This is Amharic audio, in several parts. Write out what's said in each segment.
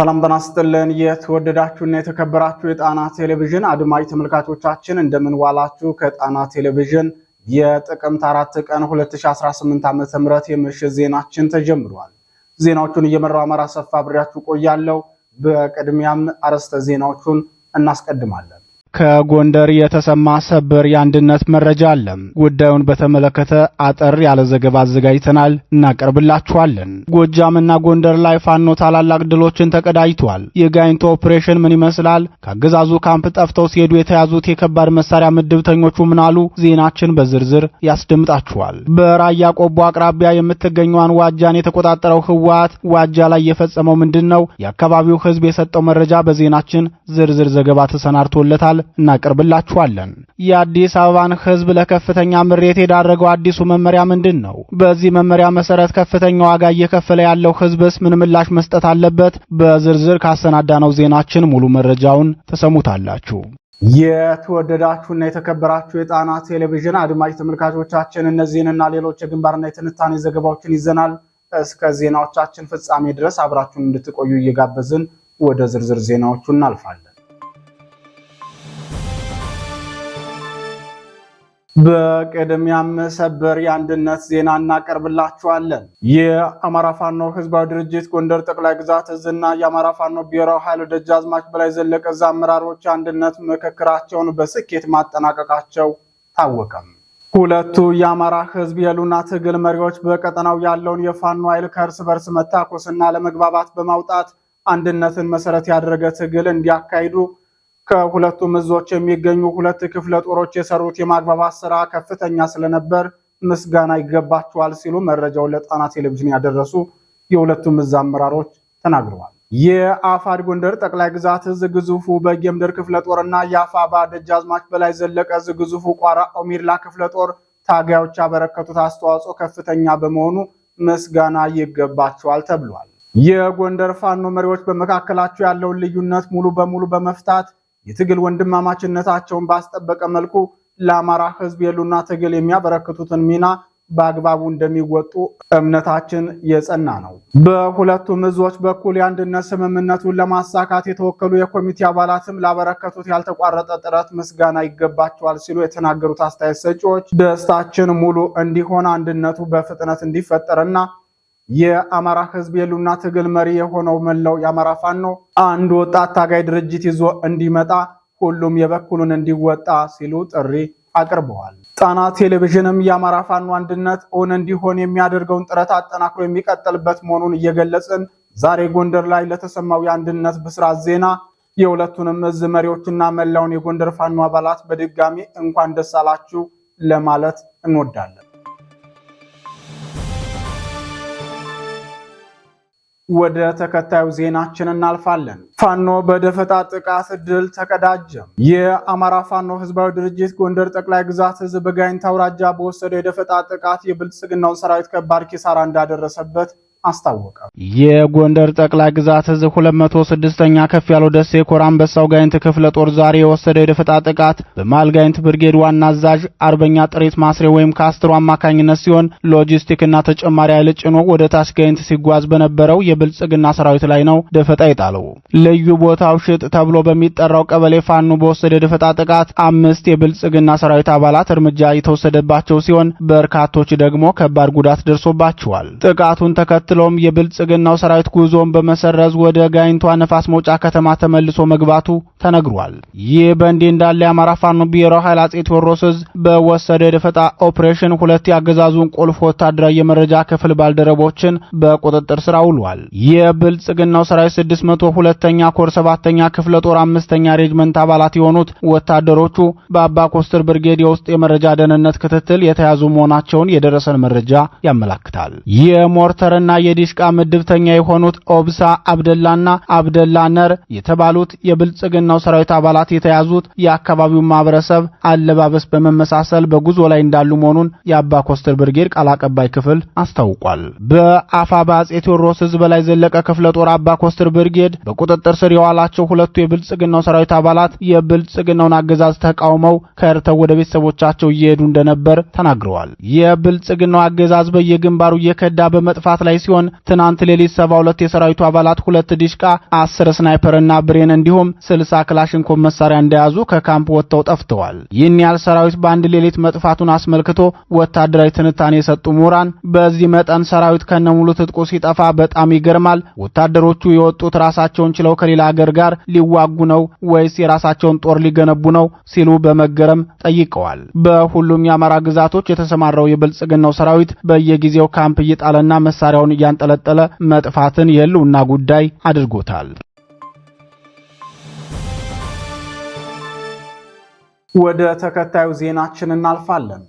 ሰላም ጤና ይስጥልን። የተወደዳችሁና የተከበራችሁ የጣና ቴሌቪዥን አድማጭ ተመልካቾቻችን እንደምንዋላችሁ። ከጣና ቴሌቪዥን የጥቅምት አራት ቀን 2018 ዓ.ም የምሽት ዜናችን ተጀምሯል። ዜናዎቹን እየመራው አማራ ሰፋ አብሬያችሁ ቆያለሁ። በቅድሚያም አርዕስተ ዜናዎቹን እናስቀድማለን። ከጎንደር የተሰማ ሰበር የአንድነት መረጃ አለ። ጉዳዩን በተመለከተ አጠር ያለ ዘገባ አዘጋጅተናል፣ እናቀርብላችኋለን። ጎጃምና ጎንደር ላይ ፋኖ ታላላቅ ድሎችን ተቀዳጅቷል። የጋይንቶ ኦፕሬሽን ምን ይመስላል? ከአገዛዙ ካምፕ ጠፍተው ሲሄዱ የተያዙት የከባድ መሳሪያ ምድብተኞቹ ምናሉ? ዜናችን በዝርዝር ያስደምጣችኋል። በራያ ቆቦ አቅራቢያ የምትገኘዋን ዋጃን የተቆጣጠረው ህወሓት ዋጃ ላይ የፈጸመው ምንድን ነው? የአካባቢው ህዝብ የሰጠው መረጃ በዜናችን ዝርዝር ዘገባ ተሰናድቶለታል። እናቀርብላችኋለን። የአዲስ አበባን ህዝብ ለከፍተኛ ምሬት የዳረገው አዲሱ መመሪያ ምንድን ነው? በዚህ መመሪያ መሰረት ከፍተኛ ዋጋ እየከፈለ ያለው ህዝብስ ምን ምላሽ መስጠት አለበት? በዝርዝር ካሰናዳነው ዜናችን ሙሉ መረጃውን ተሰሙታላችሁ። የተወደዳችሁና የተከበራችሁ የጣና ቴሌቪዥን አድማጭ ተመልካቾቻችን እነዚህንና ሌሎች የግንባርና የትንታኔ ዘገባዎችን ይዘናል። እስከ ዜናዎቻችን ፍጻሜ ድረስ አብራችሁን እንድትቆዩ እየጋበዝን ወደ ዝርዝር ዜናዎቹ እናልፋለን። በቅድሚያም ሰበር የአንድነት ዜና እናቀርብላችኋለን። የአማራ ፋኖ ህዝባዊ ድርጅት ጎንደር ጠቅላይ ግዛት እዝና የአማራ ፋኖ ብሔራዊ ኃይል ደጃዝማች በላይ ዘለቀ እዝ አመራሮች የአንድነት ምክክራቸውን በስኬት ማጠናቀቃቸው ታወቀም። ሁለቱ የአማራ ህዝብ የሉና ትግል መሪዎች በቀጠናው ያለውን የፋኖ ኃይል ከእርስ በርስ መታኮስና ለመግባባት በማውጣት አንድነትን መሰረት ያደረገ ትግል እንዲያካሂዱ ከሁለቱም እዞች የሚገኙ ሁለት ክፍለ ጦሮች የሰሩት የማግባባት ስራ ከፍተኛ ስለነበር ምስጋና ይገባቸዋል ሲሉ መረጃውን ለጣና ቴሌቪዥን ያደረሱ የሁለቱም እዝ አመራሮች ተናግረዋል። የአፋድ ጎንደር ጠቅላይ ግዛት እዝ ግዙፉ በጌምድር ክፍለ ጦርና የአፋባ ደጃዝማች በላይ ዘለቀ እዝ ግዙፉ ቋራ ኦሜድላ ክፍለ ጦር ታጋዮች ያበረከቱት አስተዋጽኦ ከፍተኛ በመሆኑ ምስጋና ይገባቸዋል ተብሏል። የጎንደር ፋኖ መሪዎች በመካከላቸው ያለውን ልዩነት ሙሉ በሙሉ በመፍታት የትግል ወንድማማችነታቸውን ባስጠበቀ መልኩ ለአማራ ህዝብ የሉና ትግል የሚያበረክቱትን ሚና በአግባቡ እንደሚወጡ እምነታችን የጸና ነው። በሁለቱም እዞች በኩል የአንድነት ስምምነቱን ለማሳካት የተወከሉ የኮሚቴ አባላትም ላበረከቱት ያልተቋረጠ ጥረት ምስጋና ይገባቸዋል ሲሉ የተናገሩት አስተያየት ሰጪዎች ደስታችን ሙሉ እንዲሆን አንድነቱ በፍጥነት እንዲፈጠርና የአማራ ህዝብ የሉና ትግል መሪ የሆነው መላው የአማራ ፋኖ አንድ ወጣት ታጋይ ድርጅት ይዞ እንዲመጣ ሁሉም የበኩሉን እንዲወጣ ሲሉ ጥሪ አቅርበዋል። ጣና ቴሌቪዥንም የአማራ ፋኖ አንድነት እውን እንዲሆን የሚያደርገውን ጥረት አጠናክሮ የሚቀጥልበት መሆኑን እየገለጽን ዛሬ ጎንደር ላይ ለተሰማው የአንድነት ብስራት ዜና የሁለቱንም እዝ መሪዎችና መላውን የጎንደር ፋኖ አባላት በድጋሚ እንኳን ደስ አላችሁ ለማለት እንወዳለን። ወደ ተከታዩ ዜናችን እናልፋለን። ፋኖ በደፈጣ ጥቃት ድል ተቀዳጀ። የአማራ ፋኖ ህዝባዊ ድርጅት ጎንደር ጠቅላይ ግዛት ህዝብ በጋይንት አውራጃ በወሰደው የደፈጣ ጥቃት የብልጽግናውን ሰራዊት ከባድ ኪሳራ እንዳደረሰበት አስታወቀ። የጎንደር ጠቅላይ ግዛት እዝ 206ኛ ከፍ ያለው ደሴ ኮራም በሳው ጋይንት ክፍለ ጦር ዛሬ የወሰደው የደፈጣ ጥቃት በመሃል ጋይንት ብርጌድ ዋና አዛዥ አርበኛ ጥሪት ማስሬ ወይም ካስትሮ አማካኝነት ሲሆን ሎጂስቲክና ተጨማሪ ኃይል ጭኖ ወደ ታች ጋይንት ሲጓዝ በነበረው የብልጽግና ሰራዊት ላይ ነው ደፈጣ ይጣለው። ልዩ ቦታው ሽጥ ተብሎ በሚጠራው ቀበሌ ፋኖ በወሰደ የደፈጣ ጥቃት አምስት የብልጽግና ሰራዊት አባላት እርምጃ የተወሰደባቸው ሲሆን በርካቶች ደግሞ ከባድ ጉዳት ደርሶባቸዋል። ጥቃቱን ተከትሎ ተከትሎም የብልጽግናው ሰራዊት ጉዞን በመሰረዝ ወደ ጋይንቷ ነፋስ መውጫ ከተማ ተመልሶ መግባቱ ተነግሯል። ይህ በእንዲህ እንዳለ የአማራ ፋኖ ብሔራዊ ኃይል አጼ ቴዎድሮስዝ በወሰደ የደፈጣ ኦፕሬሽን ሁለት የአገዛዙን ቁልፍ ወታደራዊ የመረጃ ክፍል ባልደረቦችን በቁጥጥር ስር አውሏል። የብልጽግናው ሰራዊት መቶ ኛ ኮር 7 ክፍለ ጦር አምስተኛ ሬጅመንት አባላት የሆኑት ወታደሮቹ በአባ ኮስትር ብርጌድ የውስጥ የመረጃ ደህንነት ክትትል የተያዙ መሆናቸውን የደረሰን መረጃ ያመላክታል። የሞርተርና የዲሽቃ ምድብተኛ የሆኑት ኦብሳ አብደላና አብደላ ነር የተባሉት የብልጽግናው ሰራዊት አባላት የተያዙት የአካባቢውን ማህበረሰብ አለባበስ በመመሳሰል በጉዞ ላይ እንዳሉ መሆኑን የአባ ኮስተር ብርጌድ ቃል አቀባይ ክፍል አስታውቋል። በአፋባ አጼ ቴዎድሮስ ህዝብ ላይ ዘለቀ ክፍለ ጦር አባ ኮስተር ብርጌድ በቁጥጥር ስር የዋላቸው ሁለቱ የብልጽግናው ሰራዊት አባላት የብልጽግናውን አገዛዝ ተቃውመው ከርተው ወደ ቤተሰቦቻቸው እየሄዱ እንደነበር ተናግረዋል። የብልጽግናው አገዛዝ በየግንባሩ እየከዳ በመጥፋት ላይ ሲሆን ሲሆን ትናንት ሌሊት 72 የሰራዊቱ አባላት ሁለት ዲሽቃ፣ 10 ስናይፐርና ብሬን እንዲሁም 60 ክላሽንኮቭ መሳሪያ እንደያዙ ከካምፕ ወጥተው ጠፍተዋል። ይህን ያህል ሰራዊት በአንድ ሌሊት መጥፋቱን አስመልክቶ ወታደራዊ ትንታኔ የሰጡ ምሁራን በዚህ መጠን ሰራዊት ከነሙሉ ትጥቁ ሲጠፋ በጣም ይገርማል። ወታደሮቹ የወጡት ራሳቸውን ችለው ከሌላ ሀገር ጋር ሊዋጉ ነው ወይስ የራሳቸውን ጦር ሊገነቡ ነው ሲሉ በመገረም ጠይቀዋል። በሁሉም የአማራ ግዛቶች የተሰማራው የብልጽግናው ሰራዊት በየጊዜው ካምፕ እየጣለና መሳሪያውን እያንጠለጠለ መጥፋትን የህልውና ጉዳይ አድርጎታል። ወደ ተከታዩ ዜናችን እናልፋለን።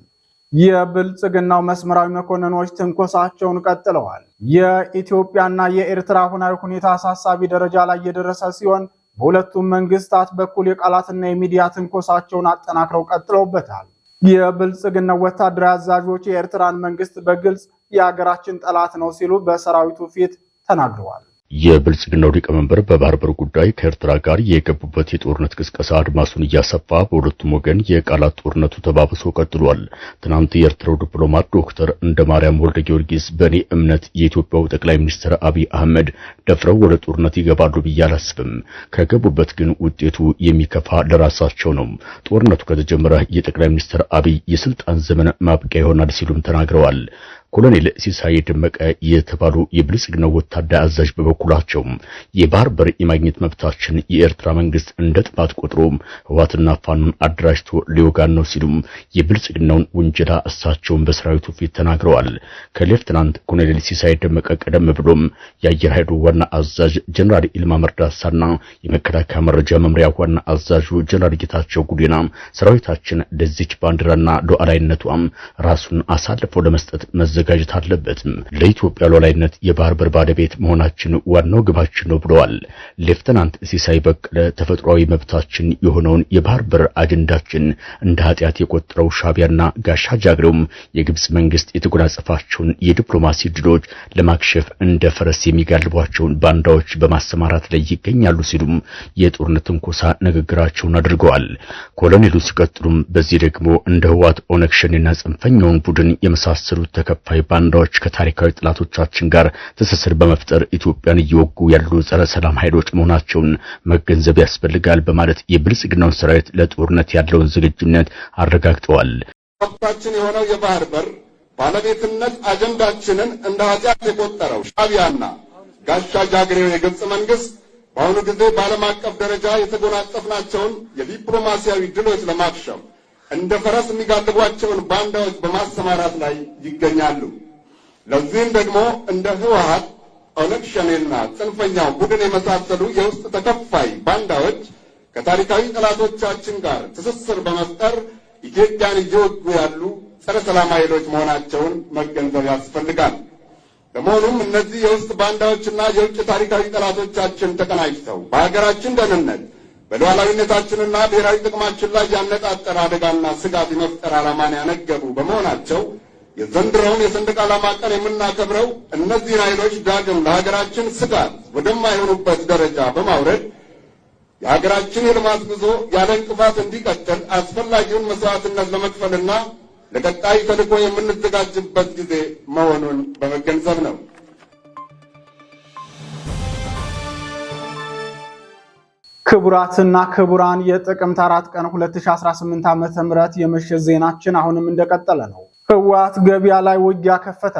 የብልጽግናው መስመራዊ መኮንኖች ትንኮሳቸውን ቀጥለዋል። የኢትዮጵያና የኤርትራ ሁናዊ ሁኔታ አሳሳቢ ደረጃ ላይ የደረሰ ሲሆን በሁለቱም መንግስታት በኩል የቃላትና የሚዲያ ትንኮሳቸውን አጠናክረው ቀጥለውበታል። የብልጽግና ወታደራዊ አዛዦች የኤርትራን መንግስት በግልጽ የሀገራችን ጠላት ነው ሲሉ በሰራዊቱ ፊት ተናግረዋል። የብልጽግናው ሊቀመንበር በባህር በር ጉዳይ ከኤርትራ ጋር የገቡበት የጦርነት ቅስቀሳ አድማሱን እያሰፋ በሁለቱም ወገን የቃላት ጦርነቱ ተባብሶ ቀጥሏል። ትናንት የኤርትራው ዲፕሎማት ዶክተር እንደ ማርያም ወልደ ጊዮርጊስ በእኔ እምነት የኢትዮጵያው ጠቅላይ ሚኒስትር አብይ አህመድ ደፍረው ወደ ጦርነት ይገባሉ ብዬ አላስብም። ከገቡበት ግን ውጤቱ የሚከፋ ለራሳቸው ነው። ጦርነቱ ከተጀመረ የጠቅላይ ሚኒስትር አብይ የስልጣን ዘመን ማብቂያ ይሆናል ሲሉም ተናግረዋል። ኮሎኔል ሲሳይ ደመቀ የተባሉ የብልጽግና ወታደር አዛዥ በበኩላቸው የባህር በር የማግኘት መብታችን የኤርትራ መንግስት እንደ ጥፋት ቆጥሮ ህዋትና ፋኑን አደራጅቶ ሊወጋን ነው ሲሉም የብልጽግናውን ውንጀላ እሳቸውን በሰራዊቱ ፊት ተናግረዋል። ከሌፍትናንት ኮሎኔል ሲሳይ ደመቀ ቀደም ብሎም የአየር ኃይሉ ዋና አዛዥ ጀነራል ኢልማ መርዳሳና የመከላከያ መረጃ መምሪያ ዋና አዛዡ ጀነራል ጌታቸው ጉዲና ሰራዊታችን ለዚች ባንዲራና ሉዓላዊነቷም ራሱን አሳልፎ ለመስጠት መዘ መዘጋጀት አለበትም። ለኢትዮጵያ ሉዓላዊነት የባህር በር ባለቤት መሆናችን ዋናው ግባችን ነው ብለዋል። ሌፍተናንት ሲሳይ በቀለ ተፈጥሯዊ መብታችን የሆነውን የባህር በር አጀንዳችን እንደ ኃጢአት የቆጠረው ሻቢያና ጋሻ ጃግሬውም የግብጽ መንግስት የተጎናጸፋቸውን የዲፕሎማሲ ድሎች ለማክሸፍ እንደ ፈረስ የሚጋልቧቸውን ባንዳዎች በማሰማራት ላይ ይገኛሉ ሲሉም የጦርነት ትንኮሳ ንግግራቸውን አድርገዋል። ኮሎኔሉ ሲቀጥሉም በዚህ ደግሞ እንደ ህዋት ኦነግ ሸኔና ጽንፈኛውን ቡድን የመሳሰሉት ተከፍ ተከፋይ ባንዳዎች ከታሪካዊ ጥላቶቻችን ጋር ትስስር በመፍጠር ኢትዮጵያን እየወጉ ያሉ ጸረ ሰላም ኃይሎች መሆናቸውን መገንዘብ ያስፈልጋል በማለት የብልጽግናውን ሰራዊት ለጦርነት ያለውን ዝግጁነት አረጋግጠዋል። ወቅታችን የሆነው የባህር በር ባለቤትነት አጀንዳችንን እንደ ኃጢአት የቆጠረው ሻቢያና ጋሻ ጃግሬው የግብፅ መንግስት በአሁኑ ጊዜ በዓለም አቀፍ ደረጃ የተጎናጸፍናቸውን የዲፕሎማሲያዊ ድሎች ለማክሸም እንደ ፈረስ የሚጋልቧቸውን ባንዳዎች በማሰማራት ላይ ይገኛሉ። ለዚህም ደግሞ እንደ ህወሀት፣ ኦነግ ሸኔና ጽንፈኛው ቡድን የመሳሰሉ የውስጥ ተከፋይ ባንዳዎች ከታሪካዊ ጠላቶቻችን ጋር ትስስር በመፍጠር ኢትዮጵያን እየወጉ ያሉ ጸረ ሰላም ኃይሎች መሆናቸውን መገንዘብ ያስፈልጋል። በመሆኑም እነዚህ የውስጥ ባንዳዎችና የውጭ ታሪካዊ ጠላቶቻችን ተቀናጅተው በሀገራችን ደህንነት በሉዓላዊነታችንና ብሔራዊ ጥቅማችን ላይ ያነጣጠረ አደጋና ስጋት የመፍጠር ዓላማን ያነገቡ በመሆናቸው የዘንድሮውን የሰንደቅ ዓላማ ቀን የምናከብረው እነዚህን ኃይሎች ዳግም ለሀገራችን ስጋት ወደማይሆኑበት ደረጃ በማውረድ የሀገራችን የልማት ጉዞ ያለ እንቅፋት እንዲቀጥል አስፈላጊውን መስዋዕትነት ለመክፈልና ለቀጣይ ተልዕኮ የምንዘጋጅበት ጊዜ መሆኑን በመገንዘብ ነው። ክቡራትና ክቡራን የጥቅምት አራት ቀን 2018 ዓ.ም የምሽት ዜናችን አሁንም እንደቀጠለ ነው። ህወሓት ገበያ ላይ ውጊያ ከፈተ።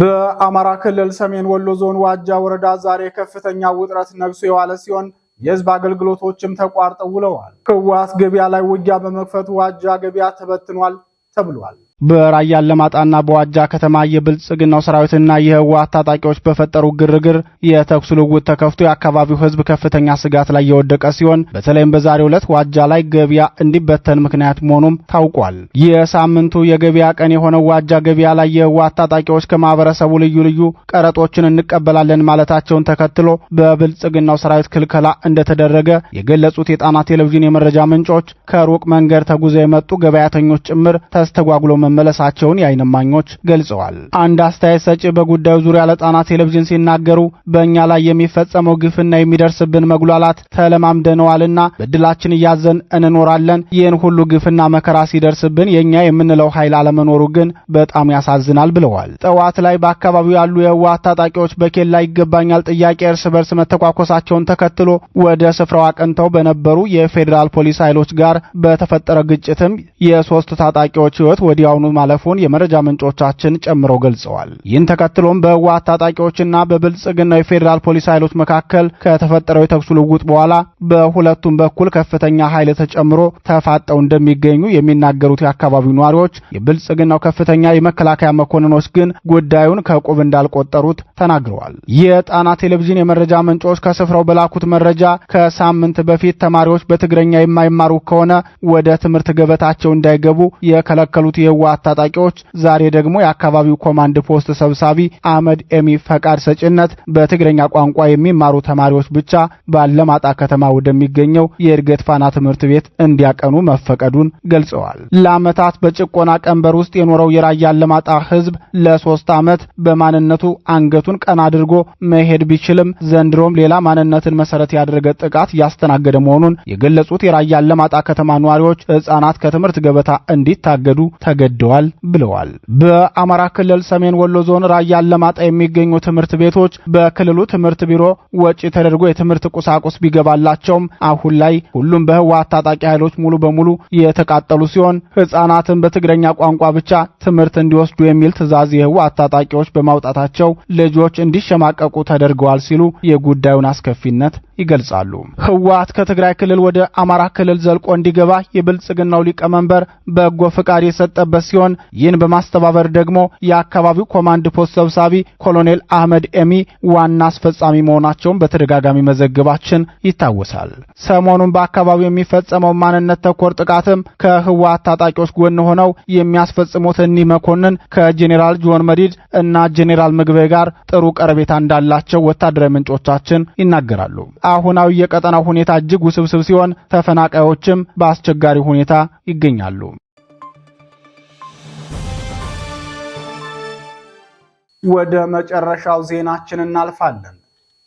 በአማራ ክልል ሰሜን ወሎ ዞን ዋጃ ወረዳ ዛሬ ከፍተኛ ውጥረት ነግሶ የዋለ ሲሆን የህዝብ አገልግሎቶችም ተቋርጠው ውለዋል። ህወሓት ገበያ ላይ ውጊያ በመክፈቱ ዋጃ ገበያ ተበትኗል ተብሏል። በራያ አላማጣና በዋጃ ከተማ የብልጽግናው ሰራዊትና የህወሓት ታጣቂዎች በፈጠሩ ግርግር የተኩስ ልውውጥ ተከፍቶ የአካባቢው ህዝብ ከፍተኛ ስጋት ላይ የወደቀ ሲሆን በተለይም በዛሬው ዕለት ዋጃ ላይ ገበያ እንዲበተን ምክንያት መሆኑም ታውቋል። የሳምንቱ የገበያ ቀን የሆነው ዋጃ ገበያ ላይ የህወሓት ታጣቂዎች ከማህበረሰቡ ልዩ ልዩ ቀረጦችን እንቀበላለን ማለታቸውን ተከትሎ በብልጽግናው ሰራዊት ክልከላ እንደተደረገ የገለጹት የጣና ቴሌቪዥን የመረጃ ምንጮች ከሩቅ መንገድ ተጉዘው የመጡ ገበያተኞች ጭምር ተስተጓጉሎ መመለሳቸውን የዓይን እማኞች ገልጸዋል። አንድ አስተያየት ሰጪ በጉዳዩ ዙሪያ ለጣና ቴሌቪዥን ሲናገሩ በእኛ ላይ የሚፈጸመው ግፍና የሚደርስብን መጉላላት ተለማምደነዋልና በድላችን እያዘን እንኖራለን። ይህን ሁሉ ግፍና መከራ ሲደርስብን የእኛ የምንለው ኃይል አለመኖሩ ግን በጣም ያሳዝናል ብለዋል። ጠዋት ላይ በአካባቢው ያሉ የህወሓት ታጣቂዎች በኬላ ይገባኛል ጥያቄ እርስ በርስ መተኳኮሳቸውን ተከትሎ ወደ ስፍራው አቅንተው በነበሩ የፌዴራል ፖሊስ ኃይሎች ጋር በተፈጠረ ግጭትም የሶስት ታጣቂዎች ህይወት ወዲያው ሳይሆኑ ማለፉን የመረጃ ምንጮቻችን ጨምሮ ገልጸዋል። ይህን ተከትሎም በህወሓት ታጣቂዎችና በብልጽግናው የፌዴራል ፖሊስ ኃይሎች መካከል ከተፈጠረው የተኩስ ልውውጥ በኋላ በሁለቱም በኩል ከፍተኛ ኃይል ተጨምሮ ተፋጠው እንደሚገኙ የሚናገሩት የአካባቢው ነዋሪዎች፣ የብልጽግናው ከፍተኛ የመከላከያ መኮንኖች ግን ጉዳዩን ከቁብ እንዳልቆጠሩት ተናግረዋል። የጣና ቴሌቪዥን የመረጃ ምንጮች ከስፍራው በላኩት መረጃ ከሳምንት በፊት ተማሪዎች በትግረኛ የማይማሩ ከሆነ ወደ ትምህርት ገበታቸው እንዳይገቡ የከለከሉት የህወሓት የህወሓት ታጣቂዎች ዛሬ ደግሞ የአካባቢው ኮማንድ ፖስት ሰብሳቢ አህመድ ኤሚ ፈቃድ ሰጭነት በትግረኛ ቋንቋ የሚማሩ ተማሪዎች ብቻ ባለማጣ ከተማ ወደሚገኘው የእድገት ፋና ትምህርት ቤት እንዲያቀኑ መፈቀዱን ገልጸዋል። ለአመታት በጭቆና ቀንበር ውስጥ የኖረው የራያ አላማጣ ህዝብ ለሶስት ዓመት በማንነቱ አንገቱን ቀና አድርጎ መሄድ ቢችልም ዘንድሮም ሌላ ማንነትን መሰረት ያደረገ ጥቃት እያስተናገደ መሆኑን የገለጹት የራያ ለማጣ ከተማ ነዋሪዎች ህጻናት ከትምህርት ገበታ እንዲታገዱ ተገደ ተገደዋል ብለዋል። በአማራ ክልል ሰሜን ወሎ ዞን ራያ አላማጣ የሚገኙ ትምህርት ቤቶች በክልሉ ትምህርት ቢሮ ወጪ ተደርጎ የትምህርት ቁሳቁስ ቢገባላቸውም አሁን ላይ ሁሉም በህወሓት ታጣቂ ኃይሎች ሙሉ በሙሉ የተቃጠሉ ሲሆን ህጻናትን በትግረኛ ቋንቋ ብቻ ትምህርት እንዲወስዱ የሚል ትዕዛዝ የህወሓት ታጣቂዎች በማውጣታቸው ልጆች እንዲሸማቀቁ ተደርገዋል ሲሉ የጉዳዩን አስከፊነት ይገልጻሉ። ህወሓት ከትግራይ ክልል ወደ አማራ ክልል ዘልቆ እንዲገባ የብልጽግናው ሊቀመንበር በጎ ፈቃድ የሰጠበት ሲሆን ይህን በማስተባበር ደግሞ የአካባቢው ኮማንድ ፖስት ሰብሳቢ ኮሎኔል አህመድ ኤሚ ዋና አስፈጻሚ መሆናቸውን በተደጋጋሚ መዘግባችን ይታወሳል። ሰሞኑን በአካባቢው የሚፈጸመው ማንነት ተኮር ጥቃትም ከህወሓት ታጣቂዎች ጎን ሆነው የሚያስፈጽሙት እኒህ መኮንን ከጄኔራል ጆን መዲድ እና ጄኔራል ምግቤ ጋር ጥሩ ቀረቤታ እንዳላቸው ወታደራዊ ምንጮቻችን ይናገራሉ። አሁናዊ የቀጠናው ሁኔታ እጅግ ውስብስብ ሲሆን ተፈናቃዮችም በአስቸጋሪ ሁኔታ ይገኛሉ። ወደ መጨረሻው ዜናችን እናልፋለን።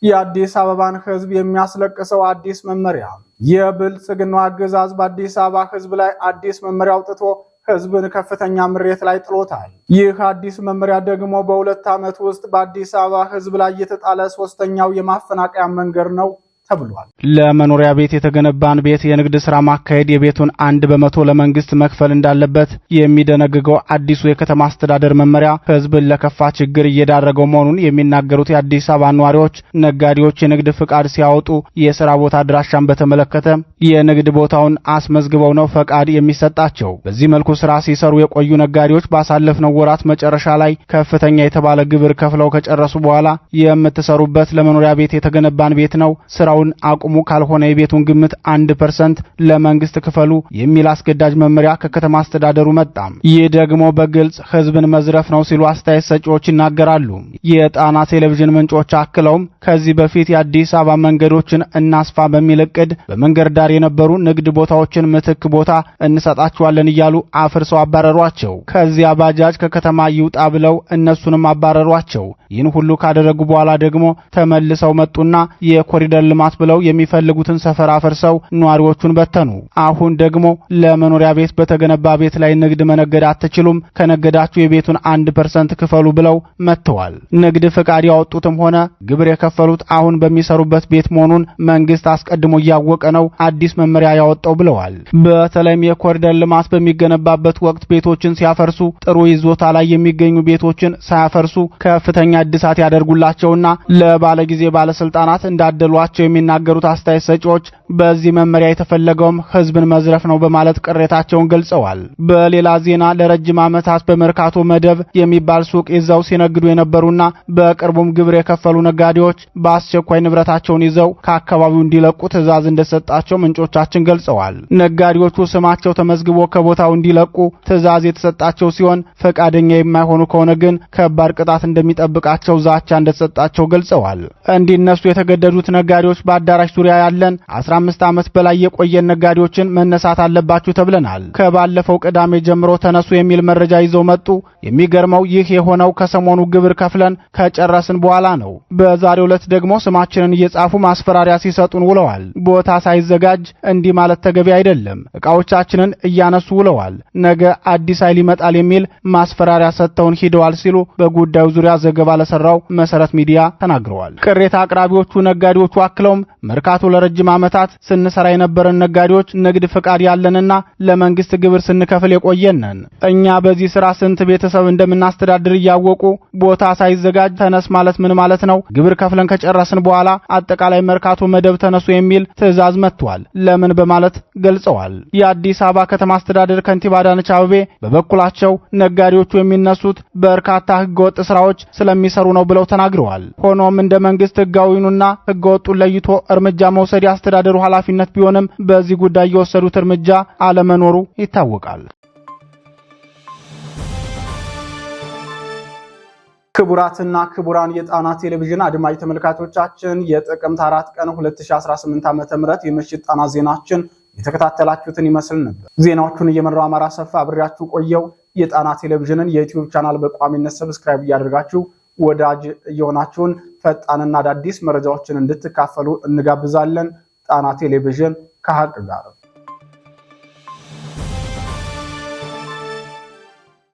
የአዲስ አበባን ህዝብ የሚያስለቅሰው አዲስ መመሪያ። የብልጽግናው አገዛዝ በአዲስ አበባ ህዝብ ላይ አዲስ መመሪያ አውጥቶ ህዝብን ከፍተኛ ምሬት ላይ ጥሎታል። ይህ አዲስ መመሪያ ደግሞ በሁለት ዓመት ውስጥ በአዲስ አበባ ህዝብ ላይ የተጣለ ሶስተኛው የማፈናቀያ መንገድ ነው ተብሏል። ለመኖሪያ ቤት የተገነባን ቤት የንግድ ስራ ማካሄድ የቤቱን አንድ በመቶ ለመንግስት መክፈል እንዳለበት የሚደነግገው አዲሱ የከተማ አስተዳደር መመሪያ ህዝብን ለከፋ ችግር እየዳረገው መሆኑን የሚናገሩት የአዲስ አበባ ነዋሪዎች ነጋዴዎች የንግድ ፍቃድ ሲያወጡ የስራ ቦታ አድራሻን በተመለከተ የንግድ ቦታውን አስመዝግበው ነው ፈቃድ የሚሰጣቸው። በዚህ መልኩ ስራ ሲሰሩ የቆዩ ነጋዴዎች ባሳለፍነው ወራት መጨረሻ ላይ ከፍተኛ የተባለ ግብር ከፍለው ከጨረሱ በኋላ የምትሰሩበት ለመኖሪያ ቤት የተገነባን ቤት ነው ስራው ስራውን አቁሙ፣ ካልሆነ የቤቱን ግምት አንድ ፐርሰንት ለመንግስት ክፈሉ የሚል አስገዳጅ መመሪያ ከከተማ አስተዳደሩ መጣ። ይህ ደግሞ በግልጽ ህዝብን መዝረፍ ነው ሲሉ አስተያየት ሰጪዎች ይናገራሉ። የጣና ቴሌቪዥን ምንጮች አክለውም ከዚህ በፊት የአዲስ አበባ መንገዶችን እናስፋ በሚል እቅድ በመንገድ ዳር የነበሩ ንግድ ቦታዎችን ምትክ ቦታ እንሰጣቸዋለን እያሉ አፍርሰው አባረሯቸው። ከዚያ ባጃጅ ከከተማ ይውጣ ብለው እነሱንም አባረሯቸው። ይህን ሁሉ ካደረጉ በኋላ ደግሞ ተመልሰው መጡና የኮሪደር ልማት ልማት ብለው የሚፈልጉትን ሰፈር አፈርሰው ነዋሪዎቹን በተኑ። አሁን ደግሞ ለመኖሪያ ቤት በተገነባ ቤት ላይ ንግድ መነገድ አትችሉም፣ ከነገዳችሁ የቤቱን አንድ ፐርሰንት ክፈሉ ብለው መጥተዋል። ንግድ ፍቃድ ያወጡትም ሆነ ግብር የከፈሉት አሁን በሚሰሩበት ቤት መሆኑን መንግስት አስቀድሞ እያወቀ ነው አዲስ መመሪያ ያወጣው ብለዋል። በተለይም የኮሪደር ልማት በሚገነባበት ወቅት ቤቶችን ሲያፈርሱ ጥሩ ይዞታ ላይ የሚገኙ ቤቶችን ሳያፈርሱ ከፍተኛ እድሳት ያደርጉላቸውና ለባለጊዜ ባለስልጣናት እንዳደሏቸው የሚ የሚናገሩት አስተያየት ሰጪዎች በዚህ መመሪያ የተፈለገውም ህዝብን መዝረፍ ነው በማለት ቅሬታቸውን ገልጸዋል። በሌላ ዜና ለረጅም ዓመታት በመርካቶ መደብ የሚባል ሱቅ ይዘው ሲነግዱ የነበሩና በቅርቡም ግብር የከፈሉ ነጋዴዎች በአስቸኳይ ንብረታቸውን ይዘው ከአካባቢው እንዲለቁ ትዕዛዝ እንደሰጣቸው ምንጮቻችን ገልጸዋል። ነጋዴዎቹ ስማቸው ተመዝግቦ ከቦታው እንዲለቁ ትዕዛዝ የተሰጣቸው ሲሆን ፈቃደኛ የማይሆኑ ከሆነ ግን ከባድ ቅጣት እንደሚጠብቃቸው ዛቻ እንደተሰጣቸው ገልጸዋል። እንዲነሱ የተገደዱት ነጋዴዎች በአዳራሽ ዙሪያ ያለን 15 ዓመት በላይ የቆየን ነጋዴዎችን መነሳት አለባችሁ ተብለናል። ከባለፈው ቅዳሜ ጀምሮ ተነሱ የሚል መረጃ ይዘው መጡ። የሚገርመው ይህ የሆነው ከሰሞኑ ግብር ከፍለን ከጨረስን በኋላ ነው። በዛሬው ዕለት ደግሞ ስማችንን እየጻፉ ማስፈራሪያ ሲሰጡን ውለዋል። ቦታ ሳይዘጋጅ እንዲህ ማለት ተገቢ አይደለም። እቃዎቻችንን እያነሱ ውለዋል። ነገ አዲስ ኃይል ይመጣል የሚል ማስፈራሪያ ሰጥተውን ሂደዋል ሲሉ በጉዳዩ ዙሪያ ዘገባ ለሰራው መሰረት ሚዲያ ተናግረዋል። ቅሬታ አቅራቢዎቹ ነጋዴዎቹ አክለው ያለውም መርካቶ ለረጅም ዓመታት ስንሰራ የነበረን ነጋዴዎች ንግድ ፍቃድ ያለንና ለመንግስት ግብር ስንከፍል የቆየንን እኛ በዚህ ስራ ስንት ቤተሰብ እንደምናስተዳድር እያወቁ ቦታ ሳይዘጋጅ ተነስ ማለት ምን ማለት ነው? ግብር ከፍለን ከጨረስን በኋላ አጠቃላይ መርካቶ መደብ ተነሱ የሚል ትዕዛዝ መጥቷል። ለምን በማለት ገልጸዋል። የአዲስ አበባ ከተማ አስተዳደር ከንቲባ አዳነች በበኩላቸው ነጋዴዎቹ የሚነሱት በርካታ ህገወጥ ስራዎች ስለሚሰሩ ነው ብለው ተናግረዋል። ሆኖም እንደ መንግስት ህጋዊኑና ህገወጡን ለይቶ ዘግይቶ እርምጃ መውሰድ የአስተዳደሩ ኃላፊነት ቢሆንም በዚህ ጉዳይ የወሰዱት እርምጃ አለመኖሩ ይታወቃል። ክቡራትና ክቡራን የጣና ቴሌቪዥን አድማጭ ተመልካቾቻችን የጥቅምት አራት ቀን 2018 ዓ ም የምሽት ጣና ዜናችን የተከታተላችሁትን ይመስል ነበር። ዜናዎቹን እየመራው አማራ ሰፋ አብሬያችሁ ቆየው። የጣና ቴሌቪዥንን የዩትዩብ ቻናል በቋሚነት ሰብስክራይብ እያደርጋችሁ ወዳጅ የሆናችሁን ፈጣንና አዳዲስ መረጃዎችን እንድትካፈሉ እንጋብዛለን። ጣና ቴሌቪዥን ከሀቅ ጋር